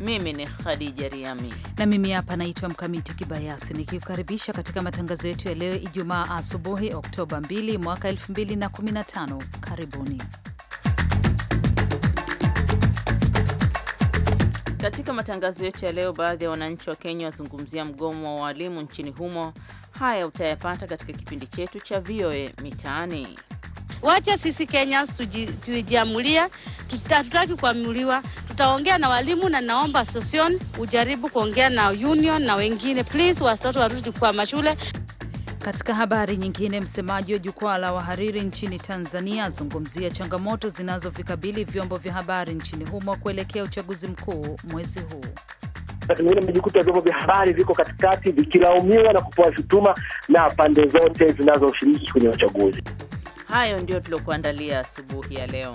mimi ni Khadija Riami na mimi hapa naitwa Mkamiti Kibayasi nikiukaribisha katika matangazo yetu ya leo Ijumaa asubuhi Oktoba 2 mwaka 2015. Karibuni. Katika matangazo yetu ya leo, baadhi ya wananchi wa Kenya wazungumzia mgomo wa walimu nchini humo. Haya utayapata katika kipindi chetu cha VOA Mitaani. Wacha sisi Kenya tujiamulia, tutataki kuamuliwa tutaongea na walimu na naomba association ujaribu kuongea na union na wengine please, watoto warudi kwa mashule. Katika habari nyingine, msemaji wa jukwaa la wahariri nchini Tanzania azungumzia changamoto zinazovikabili vyombo vya habari nchini humo kuelekea uchaguzi mkuu mwezi huu. Wakati mwingine vyombo vya habari viko katikati vikilaumiwa na kupewa shutuma na pande zote zinazoshiriki kwenye uchaguzi. Hayo ndio tuliokuandalia asubuhi ya leo.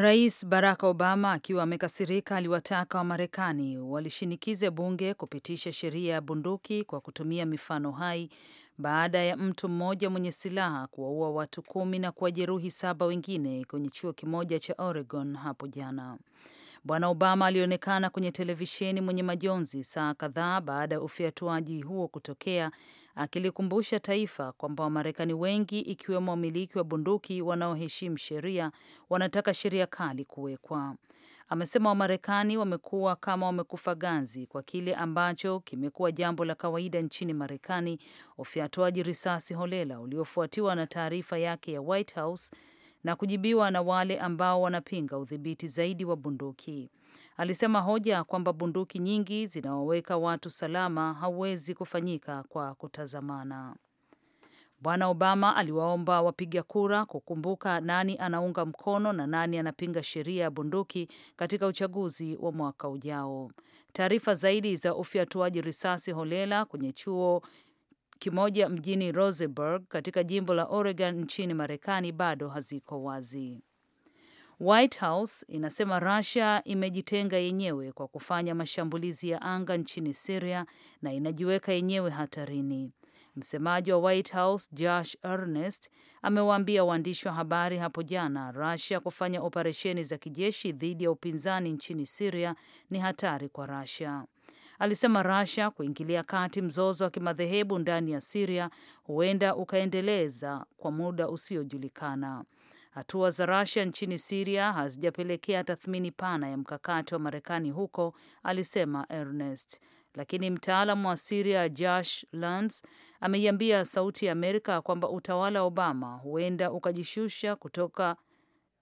Rais Barack Obama akiwa amekasirika aliwataka Wamarekani walishinikize bunge kupitisha sheria ya bunduki kwa kutumia mifano hai baada ya mtu mmoja mwenye silaha kuwaua watu kumi na kuwajeruhi saba wengine kwenye chuo kimoja cha Oregon hapo jana. Bwana Obama alionekana kwenye televisheni mwenye majonzi saa kadhaa baada ya ufiatuaji huo kutokea, akilikumbusha taifa kwamba Wamarekani wengi ikiwemo wamiliki wa bunduki wanaoheshimu sheria wanataka sheria kali kuwekwa. Amesema Wamarekani wamekuwa kama wamekufa ganzi kwa kile ambacho kimekuwa jambo la kawaida nchini Marekani, ufyatuaji risasi holela uliofuatiwa na taarifa yake ya White House na kujibiwa na wale ambao wanapinga udhibiti zaidi wa bunduki. Alisema hoja kwamba bunduki nyingi zinawaweka watu salama hauwezi kufanyika kwa kutazamana. Bwana Obama aliwaomba wapiga kura kukumbuka nani anaunga mkono na nani anapinga sheria ya bunduki katika uchaguzi wa mwaka ujao. Taarifa zaidi za ufyatuaji risasi holela kwenye chuo kimoja mjini Roseburg katika jimbo la Oregon nchini Marekani bado haziko wazi. White House inasema Russia imejitenga yenyewe kwa kufanya mashambulizi ya anga nchini Syria na inajiweka yenyewe hatarini. Msemaji wa White House Josh Earnest amewaambia waandishi wa habari hapo jana, Russia kufanya operesheni za kijeshi dhidi ya upinzani nchini Syria ni hatari kwa Russia. Alisema Russia kuingilia kati mzozo wa kimadhehebu ndani ya Syria huenda ukaendeleza kwa muda usiojulikana. Hatua za rasia nchini Siria hazijapelekea tathmini pana ya mkakati wa Marekani huko, alisema Ernest. Lakini mtaalamu wa Siria Josh Lans ameiambia Sauti ya Amerika kwamba utawala wa Obama huenda ukajishusha kutoka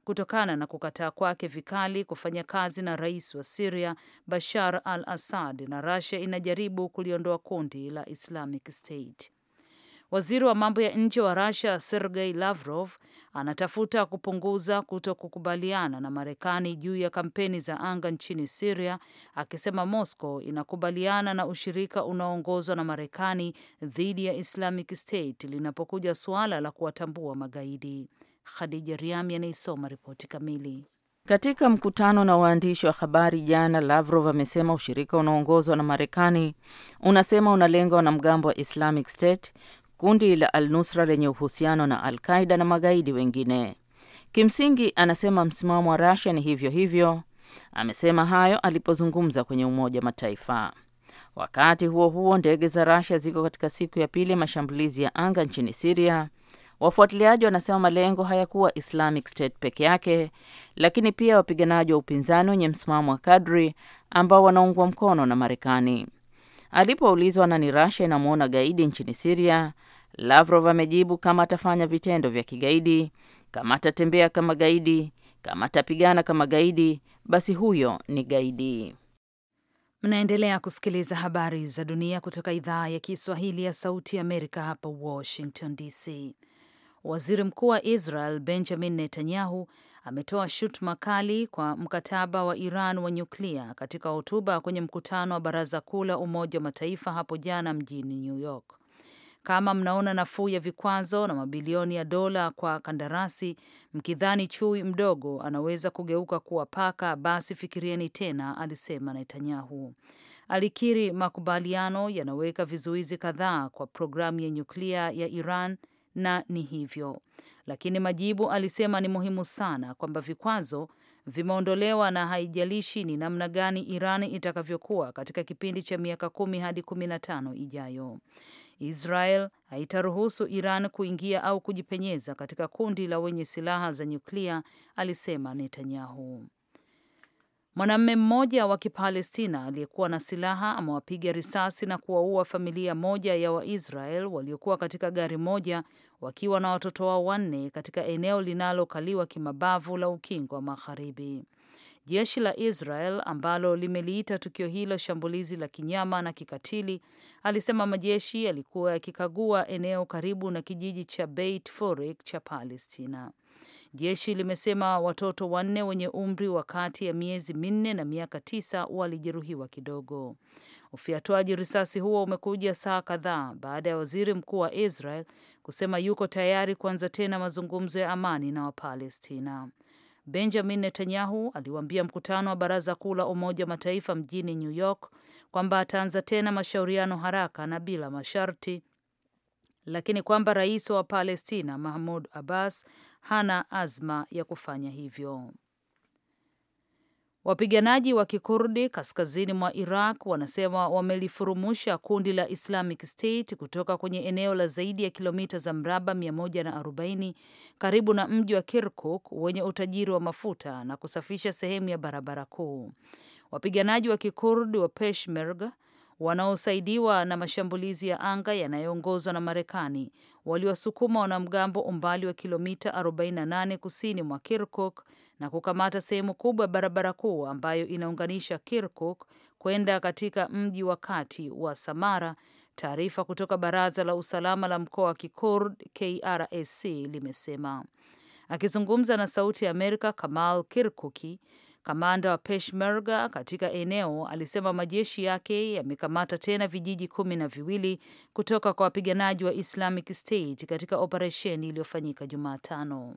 kutokana na kukataa kwake vikali kufanya kazi na rais wa Siria Bashar al Assad, na rasia inajaribu kuliondoa kundi la Islamic State. Waziri wa mambo ya nje wa Russia Sergei Lavrov anatafuta kupunguza kuto kukubaliana na Marekani juu ya kampeni za anga nchini Siria, akisema Moscow inakubaliana na ushirika unaoongozwa na Marekani dhidi ya Islamic State linapokuja suala la kuwatambua magaidi. Khadija Riami anaisoma ripoti kamili. Katika mkutano na waandishi wa habari jana, Lavrov amesema ushirika unaoongozwa na Marekani unasema unalenga wanamgambo wa Islamic State kundi la Al-Nusra lenye uhusiano na Al-Qaida na magaidi wengine. Kimsingi anasema msimamo wa Russia ni hivyo hivyo. Amesema hayo alipozungumza kwenye Umoja Mataifa. Wakati huo huo, ndege za Russia ziko katika siku ya pili mashambulizi ya anga nchini Syria. Wafuatiliaji wanasema malengo hayakuwa Islamic State peke yake, lakini pia wapiganaji wa upinzani wenye msimamo wa kadri ambao wanaungwa mkono na Marekani. Alipoulizwa nani Russia inamwona gaidi nchini Syria, Lavrov amejibu kama atafanya vitendo vya kigaidi, kama atatembea kama gaidi, kama atapigana kama gaidi, basi huyo ni gaidi. Mnaendelea kusikiliza habari za dunia kutoka idhaa ya Kiswahili ya Sauti ya Amerika, hapa Washington DC. Waziri Mkuu wa Israel Benjamin Netanyahu ametoa shutuma kali kwa mkataba wa Iran wa nyuklia katika hotuba kwenye mkutano wa Baraza Kuu la Umoja wa Mataifa hapo jana mjini New York. Kama mnaona nafuu ya vikwazo na mabilioni ya dola kwa kandarasi, mkidhani chui mdogo anaweza kugeuka kuwa paka, basi fikirieni tena, alisema Netanyahu. Alikiri makubaliano yanaweka vizuizi kadhaa kwa programu ya nyuklia ya Iran na ni hivyo, lakini majibu alisema ni muhimu sana kwamba vikwazo vimeondolewa na haijalishi ni namna gani Iran itakavyokuwa katika kipindi cha miaka kumi hadi kumi na tano ijayo. Israel haitaruhusu Iran kuingia au kujipenyeza katika kundi la wenye silaha za nyuklia, alisema Netanyahu. Mwanamume mmoja wa Kipalestina aliyekuwa na silaha amewapiga risasi na kuwaua familia moja ya Waisrael waliokuwa katika gari moja wakiwa na watoto wao wanne katika eneo linalokaliwa kimabavu la Ukingo wa Magharibi. Jeshi la Israel ambalo limeliita tukio hilo shambulizi la kinyama na kikatili, alisema majeshi yalikuwa yakikagua eneo karibu na kijiji cha Beit Forik cha Palestina. Jeshi limesema watoto wanne wenye umri wa kati ya miezi minne na miaka tisa walijeruhiwa kidogo. ufiatuaji risasi huo umekuja saa kadhaa baada ya waziri mkuu wa Israel kusema yuko tayari kuanza tena mazungumzo ya amani na Wapalestina. Benjamin Netanyahu aliwaambia mkutano wa baraza kuu la Umoja wa Mataifa mjini New York kwamba ataanza tena mashauriano haraka na bila masharti, lakini kwamba rais wa Palestina Mahmud Abbas hana azma ya kufanya hivyo. Wapiganaji wa Kikurdi kaskazini mwa Iraq wanasema wamelifurumusha kundi la Islamic State kutoka kwenye eneo la zaidi ya kilomita za mraba 140 karibu na mji wa Kirkuk wenye utajiri wa mafuta na kusafisha sehemu ya barabara kuu. Wapiganaji wa Kikurdi wa Peshmerga wanaosaidiwa na mashambulizi ya anga yanayoongozwa na Marekani waliwasukuma wanamgambo umbali wa kilomita 48 kusini mwa Kirkuk na kukamata sehemu kubwa ya barabara kuu ambayo inaunganisha Kirkuk kwenda katika mji wa kati wa Samara. Taarifa kutoka Baraza la Usalama la Mkoa wa Kikurd KRSC limesema. Akizungumza na Sauti ya Amerika, Kamal Kirkuki, kamanda wa Peshmerga katika eneo, alisema majeshi yake yamekamata tena vijiji kumi na viwili kutoka kwa wapiganaji wa Islamic State katika operesheni iliyofanyika Jumatano.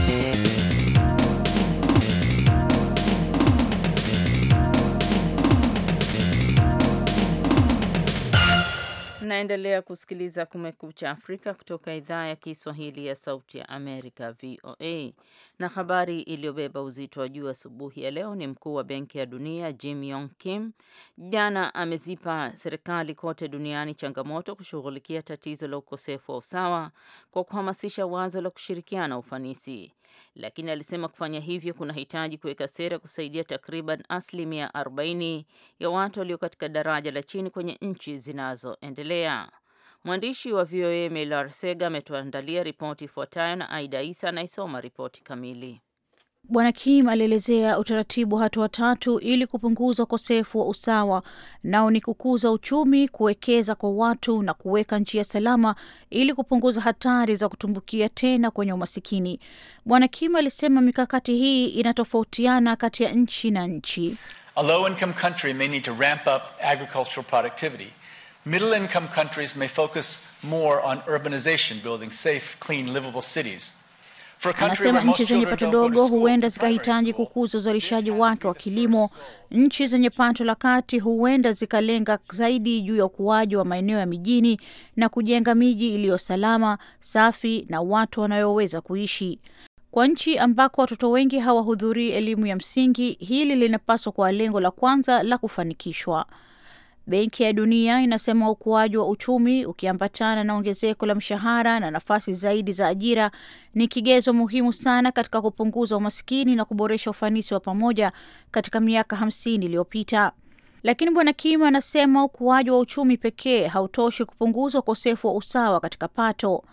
Mnaendelea kusikiliza Kumekucha Afrika kutoka idhaa ya Kiswahili ya Sauti ya Amerika, VOA. Na habari iliyobeba uzito wa juu asubuhi ya leo ni mkuu wa Benki ya Dunia Jim Yong Kim jana amezipa serikali kote duniani changamoto kushughulikia tatizo la ukosefu wa usawa kwa kuhamasisha wazo la kushirikiana ufanisi lakini alisema kufanya hivyo kuna hitaji kuweka sera kusaidia takriban asilimia 40 ya watu walio katika daraja la chini kwenye nchi zinazoendelea. Mwandishi wa VOA Melar Sega ametuandalia ripoti ifuatayo na Aida Isa anaisoma ripoti kamili. Bwana Kim alielezea utaratibu hatua tatu ili kupunguza ukosefu wa usawa, nao ni kukuza uchumi, kuwekeza kwa watu na kuweka njia salama ili kupunguza hatari za kutumbukia tena kwenye umasikini. Bwana Kim alisema mikakati hii inatofautiana kati ya nchi na nchi. A low income country may need to ramp up agricultural productivity. Middle income countries may focus more on urbanization, building safe, clean, livable cities. Anasema nchi zenye pato dogo huenda zikahitaji kukuza uzalishaji wake wa kilimo. Nchi zenye pato la kati huenda zikalenga zaidi juu ya ukuaji wa maeneo ya mijini na kujenga miji iliyo salama, safi na watu wanayoweza kuishi. Kwa nchi ambako watoto wengi hawahudhurii elimu ya msingi, hili linapaswa kuwa lengo la kwanza la kufanikishwa. Benki ya Dunia inasema ukuaji wa uchumi ukiambatana na ongezeko la mshahara na nafasi zaidi za ajira ni kigezo muhimu sana katika kupunguza umasikini na kuboresha ufanisi wa pamoja katika miaka hamsini iliyopita. Lakini Bwana Kim anasema ukuaji wa uchumi pekee hautoshi kupunguza ukosefu wa usawa katika pato.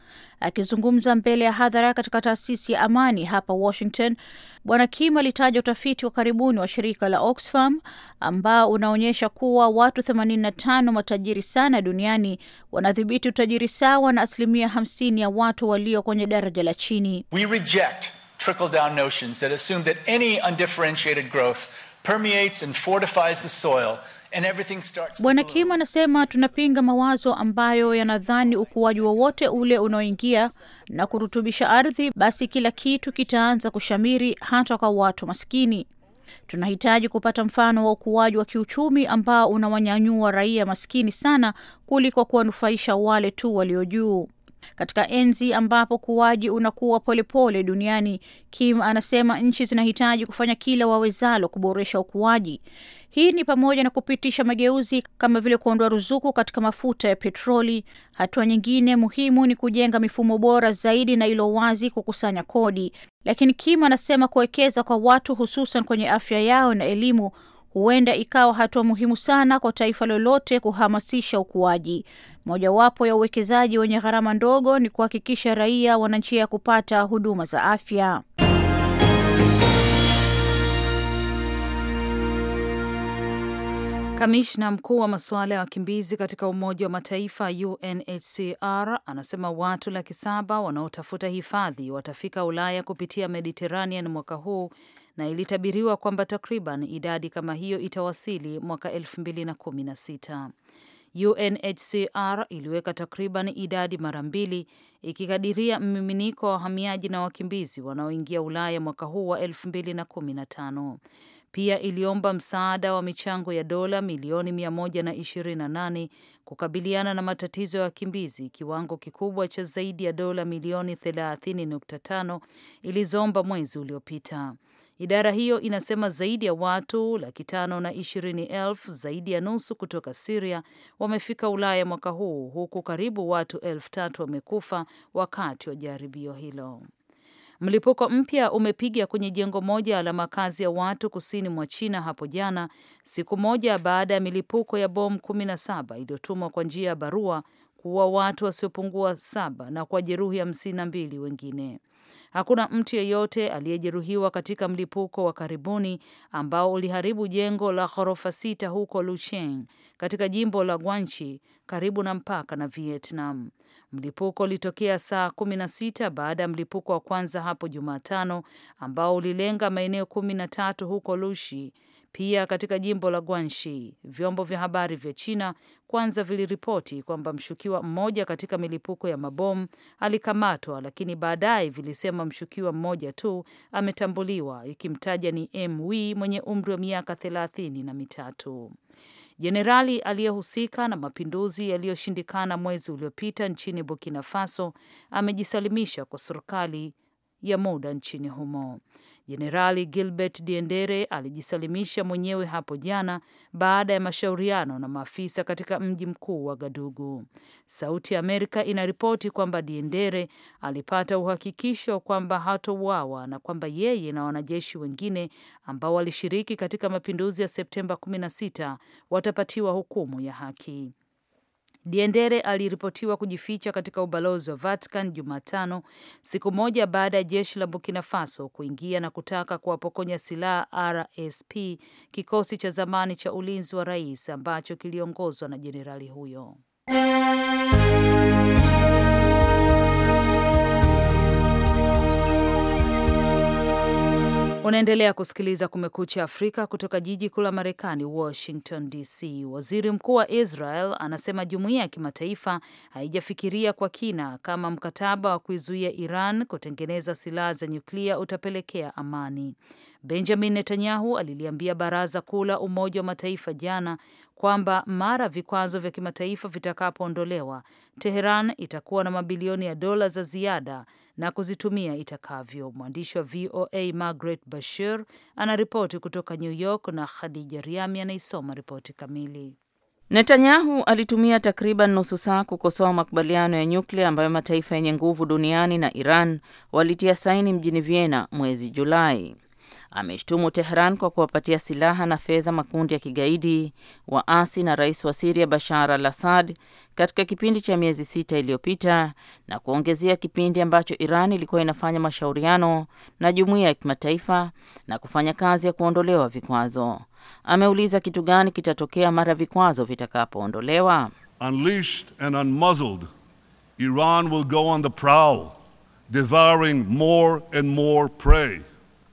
Akizungumza mbele ya hadhara katika taasisi ya amani hapa Washington, Bwana Kim alitaja utafiti wa karibuni wa shirika la Oxfam ambao unaonyesha kuwa watu 85 matajiri sana duniani wanadhibiti utajiri sawa na asilimia 50 ya watu walio kwenye daraja la chini. We reject trickle down notions that assume that any undifferentiated growth permeates and fortifies the soil Bwana Kim anasema tunapinga mawazo ambayo yanadhani ukuaji wowote ule unaoingia na kurutubisha ardhi, basi kila kitu kitaanza kushamiri hata kwa watu maskini. Tunahitaji kupata mfano wa ukuaji wa kiuchumi ambao unawanyanyua raia maskini sana kuliko kuwanufaisha wale tu walio juu. Katika enzi ambapo ukuaji unakuwa polepole duniani, Kim anasema nchi zinahitaji kufanya kila wawezalo kuboresha ukuaji. Hii ni pamoja na kupitisha mageuzi kama vile kuondoa ruzuku katika mafuta ya petroli. Hatua nyingine muhimu ni kujenga mifumo bora zaidi na ilo wazi kukusanya kodi, lakini Kim anasema kuwekeza kwa watu, hususan kwenye afya yao na elimu huenda ikawa hatua muhimu sana kwa taifa lolote kuhamasisha ukuaji. Mojawapo ya uwekezaji wenye gharama ndogo ni kuhakikisha raia wana njia ya kupata huduma za afya. Kamishna mkuu wa masuala ya wakimbizi katika Umoja wa Mataifa UNHCR anasema watu laki saba wanaotafuta hifadhi watafika Ulaya kupitia Mediterranean mwaka huu na ilitabiriwa kwamba takriban idadi kama hiyo itawasili mwaka 2016. UNHCR iliweka takriban idadi mara mbili ikikadiria mmiminiko wa wahamiaji na wakimbizi wanaoingia Ulaya mwaka huu wa 2015. Pia iliomba msaada wa michango ya dola milioni 128 kukabiliana na matatizo ya wakimbizi, kiwango kikubwa cha zaidi ya dola milioni 30.5 ilizoomba mwezi uliopita. Idara hiyo inasema zaidi ya watu laki tano na ishirini elfu, zaidi ya nusu kutoka Siria, wamefika Ulaya mwaka huu, huku karibu watu elfu tatu wamekufa wakati wa jaribio hilo. Mlipuko mpya umepiga kwenye jengo moja la makazi ya watu kusini mwa China hapo jana, siku moja baada ya milipuko ya bomu saba iliyotumwa kwa njia ya barua kuua watu wasiopungua saba na kwa hamsini na mbili wengine. Hakuna mtu yeyote aliyejeruhiwa katika mlipuko wa karibuni ambao uliharibu jengo la ghorofa sita huko Lucheng katika jimbo la Guangxi karibu na mpaka na Vietnam. Mlipuko ulitokea saa kumi na sita baada ya mlipuko wa kwanza hapo Jumatano ambao ulilenga maeneo kumi na tatu huko Lushi pia katika jimbo la Guangxi, vyombo vya habari vya China kwanza viliripoti kwamba mshukiwa mmoja katika milipuko ya mabomu alikamatwa, lakini baadaye vilisema mshukiwa mmoja tu ametambuliwa, ikimtaja ni Mw mwenye umri wa miaka thelathini na mitatu. Jenerali aliyehusika na mapinduzi yaliyoshindikana mwezi uliopita nchini Burkina Faso amejisalimisha kwa serikali ya muda nchini humo. Jenerali Gilbert Diendere alijisalimisha mwenyewe hapo jana baada ya mashauriano na maafisa katika mji mkuu wa Gadugu. Sauti ya Amerika inaripoti kwamba Diendere alipata uhakikisho kwamba hatouawa na kwamba yeye na wanajeshi wengine ambao walishiriki katika mapinduzi ya Septemba 16 watapatiwa hukumu ya haki. Diendere aliripotiwa kujificha katika ubalozi wa Vatican Jumatano, siku moja baada ya jeshi la Burkina Faso kuingia na kutaka kuwapokonya silaha RSP, kikosi cha zamani cha ulinzi wa rais ambacho kiliongozwa na jenerali huyo. Unaendelea kusikiliza Kumekucha Afrika kutoka jiji kuu la Marekani, Washington DC. Waziri mkuu wa Israel anasema jumuiya ya kimataifa haijafikiria kwa kina kama mkataba wa kuizuia Iran kutengeneza silaha za nyuklia utapelekea amani. Benjamin Netanyahu aliliambia baraza kuu la Umoja wa Mataifa jana kwamba mara vikwazo vya kimataifa vitakapoondolewa, Teheran itakuwa na mabilioni ya dola za ziada na kuzitumia itakavyo. Mwandishi wa VOA Margaret Bashir anaripoti kutoka New York na Khadija Riami anaisoma ripoti kamili. Netanyahu alitumia takriban nusu saa kukosoa makubaliano ya nyuklia ambayo mataifa yenye nguvu duniani na Iran walitia saini mjini Vienna mwezi Julai ameshtumu Tehran kwa kuwapatia silaha na fedha makundi ya kigaidi waasi na rais wa Siria Bashar al Assad katika kipindi cha miezi sita iliyopita na kuongezea kipindi ambacho Iran ilikuwa inafanya mashauriano na jumuiya ya kimataifa na kufanya kazi ya kuondolewa vikwazo. Ameuliza kitu gani kitatokea mara vikwazo vitakapoondolewa. Unleashed and unmuzzled, Iran will go on the prowl, devouring more and more prey.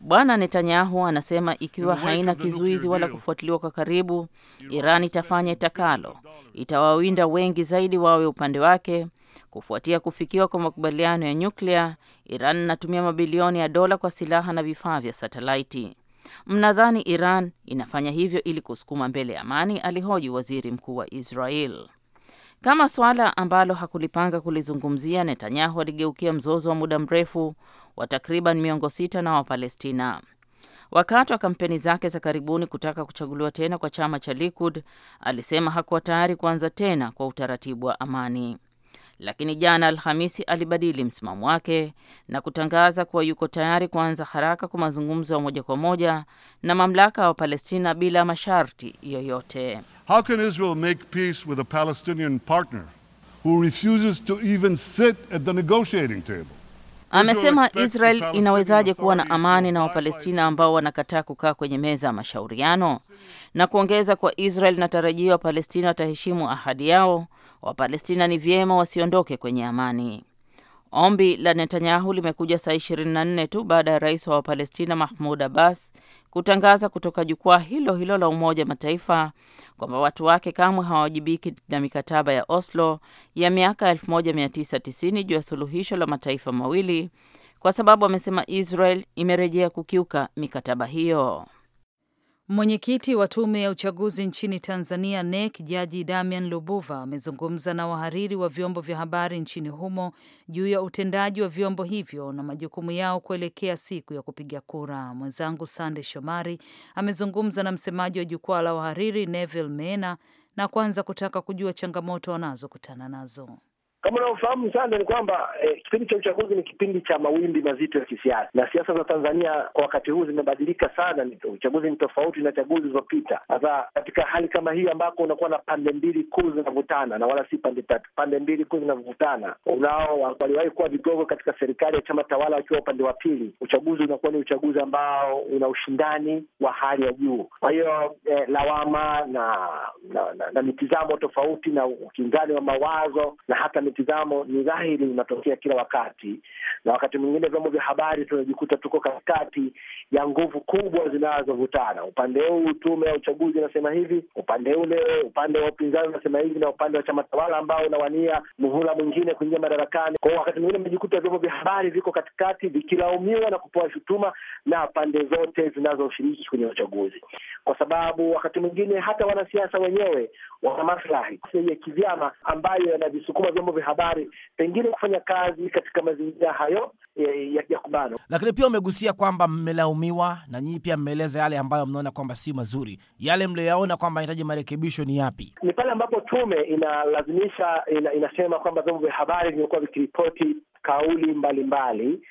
Bwana Netanyahu anasema ikiwa haina kizuizi wala kufuatiliwa kwa karibu, Iran itafanya itakalo, itawawinda wengi zaidi wawe upande wake. Kufuatia kufikiwa kwa makubaliano ya nyuklia, Iran inatumia mabilioni ya dola kwa silaha na vifaa vya satelaiti. Mnadhani Iran inafanya hivyo ili kusukuma mbele amani? Alihoji waziri mkuu wa Israel. Kama suala ambalo hakulipanga kulizungumzia, Netanyahu aligeukia mzozo wa muda mrefu wa takriban miongo sita na Wapalestina. Wakati wa kampeni zake za karibuni kutaka kuchaguliwa tena kwa chama cha Likud, alisema hakuwa tayari kuanza tena kwa utaratibu wa amani, lakini jana Alhamisi alibadili msimamo wake na kutangaza kuwa yuko tayari kuanza haraka kwa mazungumzo ya moja kwa moja na mamlaka ya Palestina bila masharti yoyote. How can Israel make peace with a Palestinian partner who refuses to even sit at the negotiating table? Amesema Israel inawezaje kuwa na amani na Wapalestina ambao wanakataa kukaa kwenye meza ya mashauriano, na kuongeza kwa Israel natarajia Wapalestina wataheshimu ahadi yao. Wapalestina ni vyema wasiondoke kwenye amani. Ombi la Netanyahu limekuja saa 24 tu baada ya rais wa Wapalestina Mahmud Abbas kutangaza kutoka jukwaa hilo hilo la Umoja Mataifa kwamba watu wake kamwe hawawajibiki na mikataba ya Oslo ya miaka 1990 juu ya suluhisho la mataifa mawili kwa sababu amesema Israel imerejea kukiuka mikataba hiyo. Mwenyekiti wa tume ya uchaguzi nchini Tanzania, NEC, Jaji Damian Lubuva amezungumza na wahariri wa vyombo vya habari nchini humo juu ya utendaji wa vyombo hivyo na majukumu yao kuelekea siku ya kupiga kura. Mwenzangu Sande Shomari amezungumza na msemaji wa jukwaa la wahariri Neville Meena na kwanza kutaka kujua changamoto wanazokutana nazo. Kama unavyofahamu sana, ni kwamba eh, kipindi cha uchaguzi ni kipindi cha mawimbi mazito ya kisiasa, na siasa za Tanzania kwa wakati huu zimebadilika sana. Uchaguzi ni tofauti na chaguzi zilizopita. Sasa katika hali kama hii ambako unakuwa na pande mbili kuu zinavutana na wala si pande tatu, pande mbili kuu zinavutana, unao waliwahi kuwa vigogo katika serikali ya chama tawala wakiwa upande wa pili. Uchaguzi unakuwa ni uchaguzi ambao una ushindani wa hali ya juu. Kwa hiyo eh, lawama na na, na, na mitizamo tofauti na ukinzani wa mawazo na hata mitizamo ni dhahiri inatokea kila wakati, na wakati mwingine vyombo vya habari tunajikuta tuko katikati ya nguvu kubwa zinazovutana. Upande huu tume ya uchaguzi inasema hivi, upande ule upande wa upinzani unasema hivi, na upande wa chama tawala ambao unawania muhula mwingine kuingia madarakani. Kwa hiyo wakati mwingine amejikuta vyombo vya habari viko katikati vikilaumiwa na kupewa shutuma na pande zote zinazoshiriki kwenye uchaguzi, kwa sababu wakati mwingine hata wanasiasa wenyewe wana maslahi ya kivyama ambayo yanavisukuma vyombo vya habari, pengine kufanya kazi katika mazingira hayo eh, ya, ya kubano. Lakini pia umegusia kwamba mmelaumiwa na nyinyi pia mmeeleza yale ambayo mnaona kwamba si mazuri. Yale mlioyaona kwamba anahitaji marekebisho ni yapi? Ni pale ambapo tume inalazimisha ina, inasema kwamba vyombo vya habari vimekuwa vikiripoti kauli mbalimbali mbali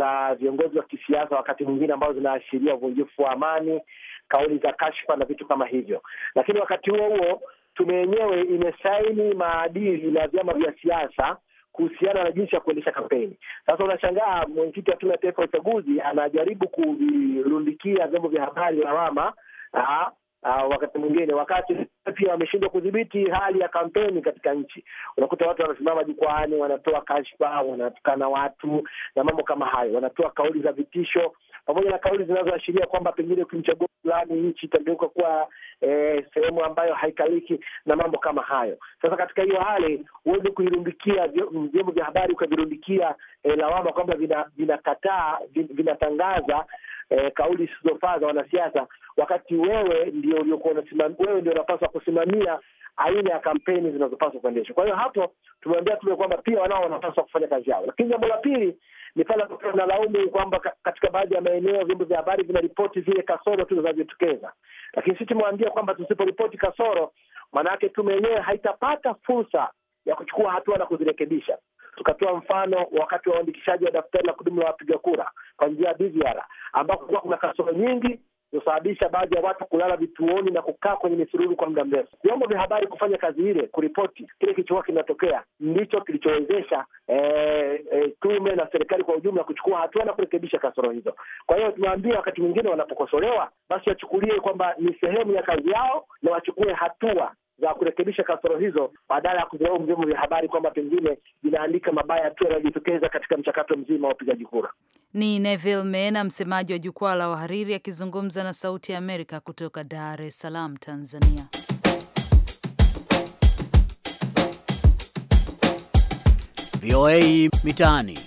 za viongozi wa kisiasa wakati mwingine ambazo zinaashiria uvunjifu wa amani, kauli za kashfa na vitu kama hivyo, lakini wakati huo huo tume yenyewe imesaini maadili na vyama vya siasa kuhusiana na jinsi ya kuendesha kampeni. Sasa unashangaa mwenyekiti wa Tume ya Taifa ya Uchaguzi anajaribu kuvirundikia vyombo vya habari lawama wakati mwingine, wakati pia wameshindwa kudhibiti hali ya kampeni katika nchi. Unakuta watu wanasimama jukwaani, wanatoa kashfa, wanatukana watu na mambo kama hayo, wanatoa kauli za vitisho pamoja na kauli zinazoashiria kwamba pengine ukimchagua fulani nchi itageuka kuwa eh, sehemu ambayo haikaliki na mambo kama hayo. Sasa katika hiyo hali huwezi kuirundikia vyombo vya habari ukavirundikia eh, lawama kwamba vinakataa vina vinatangaza eh, kauli zisizofaa za wanasiasa, wakati wewe ndio uliokuwa unasimamia, wewe ndio unapaswa kusimamia aina ya kampeni zinazopaswa kuendeshwa. Kwa hiyo hapo tumeambia tume kwamba pia wanao wanapaswa kufanya kazi yao, lakini jambo la pili ni pale ambapo tunalaumu kwamba katika baadhi ya maeneo vyombo vya habari vinaripoti zile kasoro tu zinazojitokeza, lakini sisi tumewaambia kwamba tusiporipoti kasoro, maanake tume yenyewe haitapata fursa ya kuchukua hatua na kuzirekebisha. Tukatoa mfano wakati wa uandikishaji wa daftari la kudumu la wapiga kura kwa njia ya BVR, ambako kulikuwa kuna kasoro nyingi kusababisha baadhi ya watu kulala vituoni na kukaa kwenye misururu kwa muda mrefu. Vyombo vya habari kufanya kazi ile, kuripoti kile kilichokuwa kinatokea, ndicho kilichowezesha e, e, tume na serikali kwa ujumla kuchukua hatua na kurekebisha kasoro hizo. Kwa hiyo tunaambia, wakati mwingine wanapokosolewa, basi wachukulie kwamba ni sehemu ya kazi yao na wachukue hatua za kurekebisha kasoro hizo, badala ya kuvilaumu vyombo vya habari kwamba pengine vinaandika mabaya tu yanayojitokeza katika mchakato mzima wa upigaji kura. Ni Neville mena msemaji wa jukwaa la wahariri, akizungumza na Sauti ya Amerika kutoka Dar es Salaam, Tanzania. VOA Mitaani.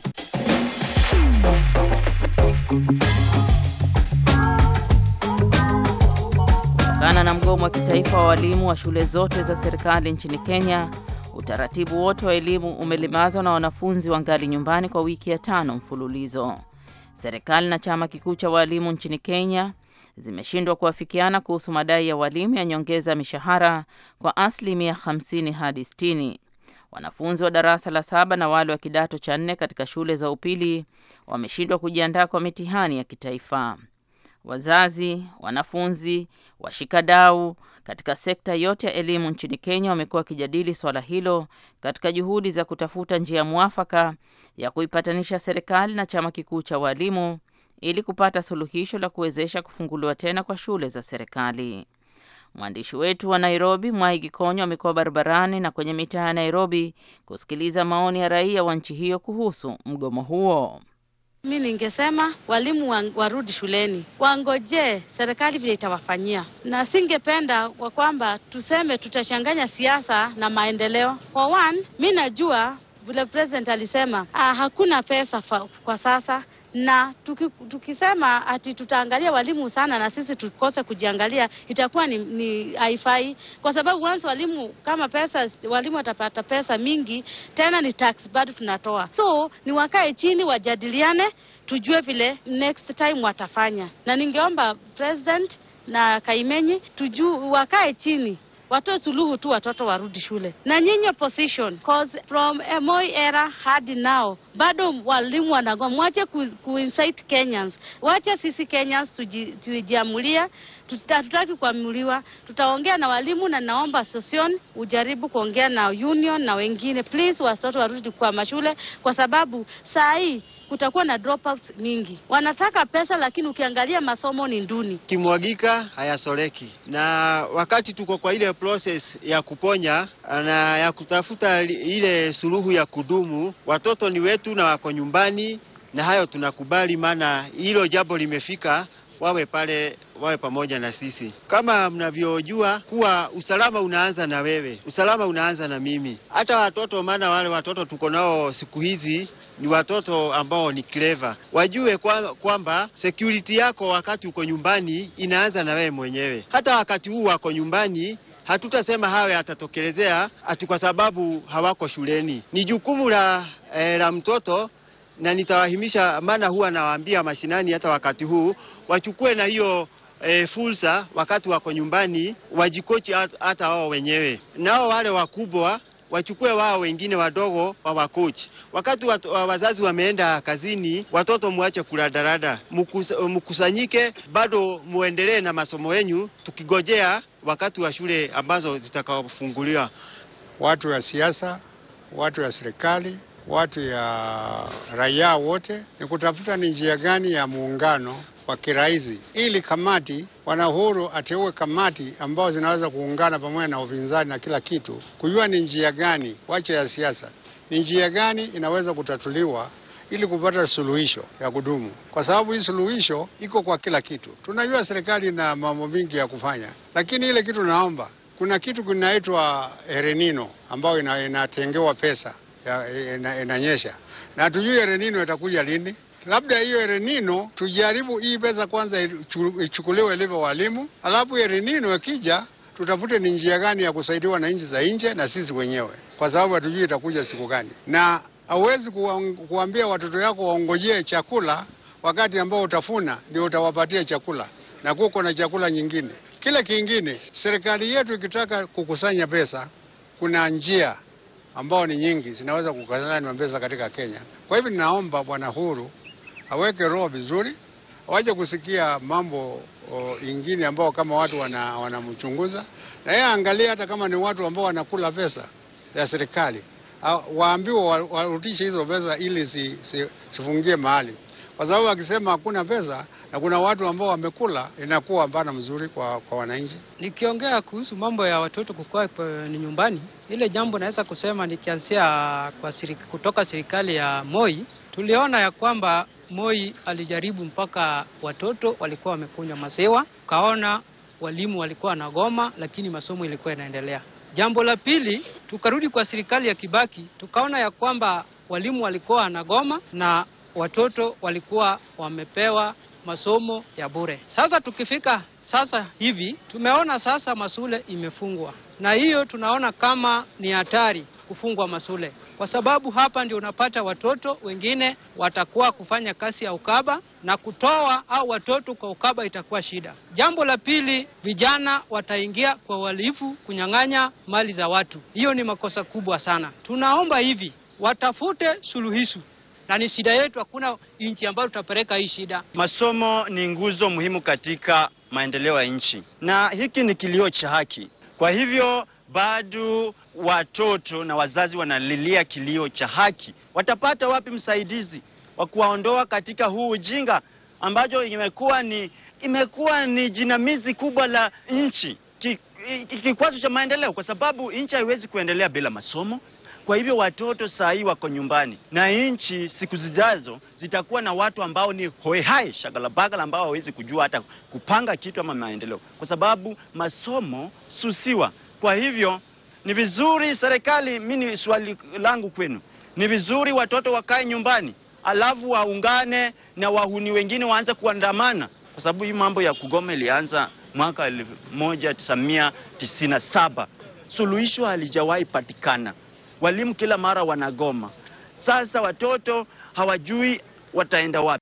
Kutokana na mgomo wa kitaifa wa walimu wa shule zote za serikali nchini Kenya, utaratibu wote wa elimu umelimazwa na wanafunzi wangali nyumbani kwa wiki ya tano mfululizo. Serikali na chama kikuu cha walimu nchini Kenya zimeshindwa kuafikiana kuhusu madai ya walimu ya nyongeza mishahara kwa asilimia 50 hadi 60. Wanafunzi wa darasa la saba na wale wa kidato cha nne katika shule za upili wameshindwa kujiandaa kwa mitihani ya kitaifa. Wazazi, wanafunzi Washikadau katika sekta yote ya elimu nchini Kenya wamekuwa wakijadili swala hilo katika juhudi za kutafuta njia mwafaka ya kuipatanisha serikali na chama kikuu cha walimu ili kupata suluhisho la kuwezesha kufunguliwa tena kwa shule za serikali. Mwandishi wetu wa Nairobi, Mwai Gikonyo, amekuwa barabarani na kwenye mitaa ya Nairobi kusikiliza maoni ya raia wa nchi hiyo kuhusu mgomo huo. Mi ningesema walimu warudi shuleni, wangojee serikali vile itawafanyia, na singependa kwa kwamba tuseme tutachanganya siasa na maendeleo. kwa one, mi najua vile president alisema, ah, hakuna pesa fa, kwa sasa na tuki, tukisema ati tutaangalia walimu sana na sisi tukose kujiangalia itakuwa ni, ni haifai, kwa sababu once walimu kama pesa walimu watapata pesa mingi, tena ni tax bado tunatoa. So ni wakae chini wajadiliane, tujue vile next time watafanya, na ningeomba president na Kaimenyi tujue wakae chini watoe suluhu tu, watoto warudi shule. Na nyinyi opposition, cause from Moi era hadi now bado walimu wanagoma. Mwache ku, incite Kenyans, wache sisi Kenyans tujiamulia. hatutaki kuamuliwa, tutaongea na walimu, na naomba association ujaribu kuongea na union na wengine please, watoto warudi kwa mashule, kwa sababu saa hii kutakuwa na dropouts nyingi. Wanataka pesa, lakini ukiangalia masomo ni nduni kimwagika hayasoleki. Na wakati tuko kwa ile process ya kuponya na ya kutafuta ile suluhu ya kudumu, watoto ni wetu tu na wako nyumbani, na hayo tunakubali, maana hilo jambo limefika wawe pale, wawe pamoja na sisi. Kama mnavyojua kuwa usalama unaanza na wewe, usalama unaanza na mimi, hata watoto. Maana wale watoto tuko nao siku hizi ni watoto ambao ni clever, wajue kwa, kwamba security yako wakati uko nyumbani inaanza na wewe mwenyewe. Hata wakati huu wako nyumbani Hatutasema hayo yatatokelezea ati kwa sababu hawako shuleni. Ni jukumu la, e, la mtoto na nitawahimisha, maana huwa nawaambia mashinani hata wakati huu wachukue na hiyo E, fursa wakati wako nyumbani wajikochi hata wao wenyewe. Nao wale wakubwa wachukue wao wengine wadogo wa wakochi. Wakati wat, wazazi wameenda kazini, watoto muache kuradarada mkusanyike, bado muendelee na masomo yenu, tukigojea wakati wa shule ambazo zitakaofunguliwa. Watu wa siasa, watu wa serikali, watu ya raia wote, ni kutafuta ni njia gani ya muungano wa kiraizi, ili kamati wana uhuru ateue kamati ambao zinaweza kuungana pamoja na upinzani na kila kitu, kujua ni njia gani, wacha ya siasa, ni njia gani inaweza kutatuliwa ili kupata suluhisho ya kudumu, kwa sababu hii suluhisho iko kwa kila kitu. Tunajua serikali na mambo mingi ya kufanya, lakini ile kitu naomba, kuna kitu kinaitwa Erenino ambayo inatengewa pesa inanyesha, na tujue Erenino itakuja lini labda hiyo erenino tujaribu hii pesa kwanza ichukuliwe ilivyo walimu, alafu erenino ikija tutafute ni njia gani ya na nchi za nje na sisi wenyewe, kwa sababu hatujui itakuja siku gani, na hauwezi kuwambia watoto yako waongojee chakula wakati ambao utafuna ndio utawapatia chakula, na kuko na chakula nyingine. Kila kingine, serikali yetu ikitaka kukusanya pesa, kuna njia ambao ni nyingi zinaweza kukusanya pesa katika Kenya. Kwa hivyo ninaomba Bwana Huru aweke roho vizuri, waje kusikia mambo o, ingine ambao kama watu wanamchunguza wana na yeye angalia, hata kama ni watu ambao wanakula pesa ya serikali waambiwe warudishe hizo pesa ili si, si, sifungie mahali, kwa sababu akisema hakuna pesa na kuna watu ambao wamekula, inakuwa mbana mzuri kwa, kwa wananchi. Nikiongea kuhusu mambo ya watoto kukaa e, ni nyumbani, ile jambo naweza kusema nikianzia kwa siri, kutoka serikali ya Moi Tuliona ya kwamba Moi alijaribu mpaka watoto walikuwa wamekunywa maziwa, tukaona walimu walikuwa na goma, lakini masomo ilikuwa inaendelea. Jambo la pili, tukarudi kwa serikali ya Kibaki, tukaona ya kwamba walimu walikuwa na goma na watoto walikuwa wamepewa masomo ya bure. Sasa tukifika sasa hivi tumeona sasa masule imefungwa, na hiyo tunaona kama ni hatari kufungwa masule kwa sababu hapa ndio unapata watoto wengine watakuwa kufanya kazi ya ukaba na kutoa au watoto kwa ukaba itakuwa shida. Jambo la pili, vijana wataingia kwa uhalifu, kunyang'anya mali za watu. Hiyo ni makosa kubwa sana. Tunaomba hivi watafute suluhisho na ni shida yetu, hakuna nchi ambayo tutapeleka hii shida. Masomo ni nguzo muhimu katika maendeleo ya nchi, na hiki ni kilio cha haki. Kwa hivyo bado watoto na wazazi wanalilia kilio cha haki. Watapata wapi msaidizi wa kuwaondoa katika huu ujinga ambacho imekuwa ni imekuwa ni jinamizi kubwa la nchi, kikwazo cha maendeleo, kwa sababu nchi haiwezi kuendelea bila masomo. Kwa hivyo watoto saa hii wako nyumbani, na nchi siku zijazo zitakuwa na watu ambao ni hoehai shagalabagala, ambao hawawezi kujua hata kupanga kitu ama maendeleo, kwa sababu masomo susiwa. Kwa hivyo ni vizuri serikali, mimi ni swali langu kwenu, ni vizuri watoto wakae nyumbani, alafu waungane na wahuni wengine waanze kuandamana, kwa sababu hii mambo ya kugoma ilianza mwaka 1997 suluhisho halijawahi patikana. Walimu kila mara wanagoma. Sasa watoto hawajui wataenda wapi.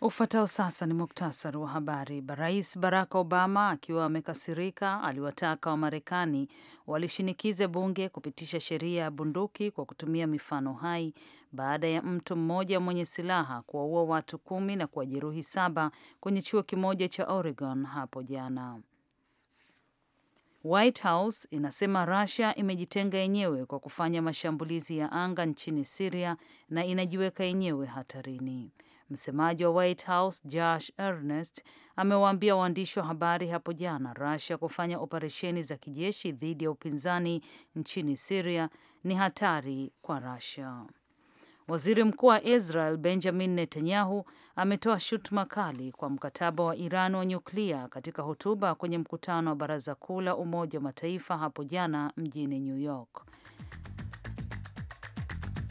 Ufuatao sasa ni muktasari wa habari. Rais Barack Obama akiwa amekasirika, aliwataka Wamarekani walishinikize bunge kupitisha sheria ya bunduki kwa kutumia mifano hai baada ya mtu mmoja mwenye silaha kuwaua watu kumi na kuwajeruhi saba kwenye chuo kimoja cha Oregon hapo jana. White House inasema Russia imejitenga yenyewe kwa kufanya mashambulizi ya anga nchini siria na inajiweka yenyewe hatarini. Msemaji wa White House Josh Earnest amewaambia waandishi wa habari hapo jana, Russia kufanya operesheni za kijeshi dhidi ya upinzani nchini Syria ni hatari kwa Russia. Waziri Mkuu wa Israel Benjamin Netanyahu ametoa shutuma kali kwa mkataba wa Iran wa nyuklia katika hotuba kwenye mkutano wa Baraza Kuu la Umoja wa Mataifa hapo jana mjini New York.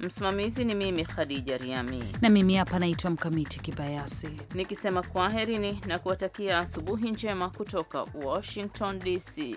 Msimamizi ni mimi Khadija Riami, na mimi hapa naitwa Mkamiti Kibayasi, nikisema kwaherini na kuwatakia asubuhi njema kutoka Washington DC.